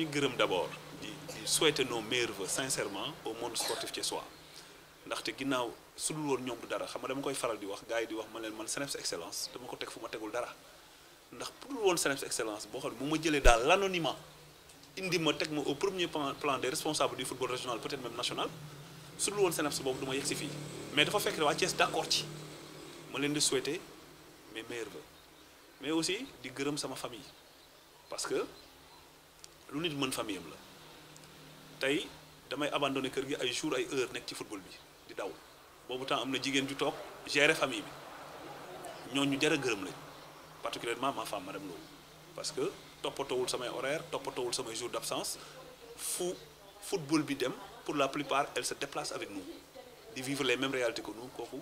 ñuy gërëm d'abord di di souhaiter nos meilleurs vœux sincèrement au monde sportif thiessois ndaxte ginnaaw su dul woon ñoom du dara xam nga dama koy faral di wax gaay di wax man len man CNEPS excellence dama ko tek fuma ma tegul dara ndax pour won woon excellence bo xol ne mu ma l'anonymat, indi ma tek ma au premier plan des responsables du football régional peut-être même national su won woon bobu boobu du fi mais dafa fekk wa Thiès d'accord ci ma len di souhaiter mes meilleurs vœux mais aussi di gërëm sama famille parce que lu nit mën famille am la tey damay abandonner kër gi ay jour ay heure nek ci football bi di daw boobu temps am na jigéen ju top, gérer famille bi ñoñu jara a gërëm lañ particulièrement ma femme madame Lo parce que toppatoowul sama horaire toppatoowul sama jour d'absence fou football bi dem pour la plupart elle se déplace avec nous di vivre les mêmes réalités que nous kooku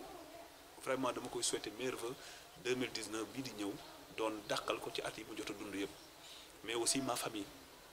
vraiment dama koy souhaiter meilleurs vœux 2019 bi di ñew doon dàqal ko ci at yi mu jot dund yëpp mais aussi ma famille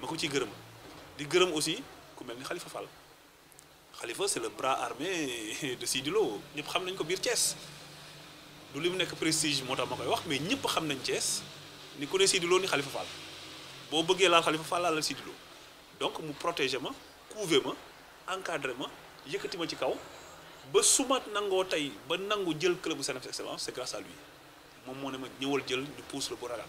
ma ko ci gërëm di gërëm aussi ku melni Khalifa Fall Khalifa c'est le bras armé de Sidi Lo ñëpp xam nañ ko bir Thiès du limu nek prestige motax tax wax mais ñep xam nañ Thiès ni ko ne Sidi Lo ni Khalifa Fall bo bëggee la Khalifa Fall la Sidi Lo donc mu protéger ma couver ma encadrer ma yëkëti ma ci kaw ba sumat nango tay ba nangu jël club bu Excellence c'est grâce à lui mom mo ne ma ñëwul jël du pousse le bu ragal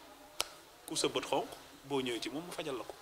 ce sa bët xonq boo ci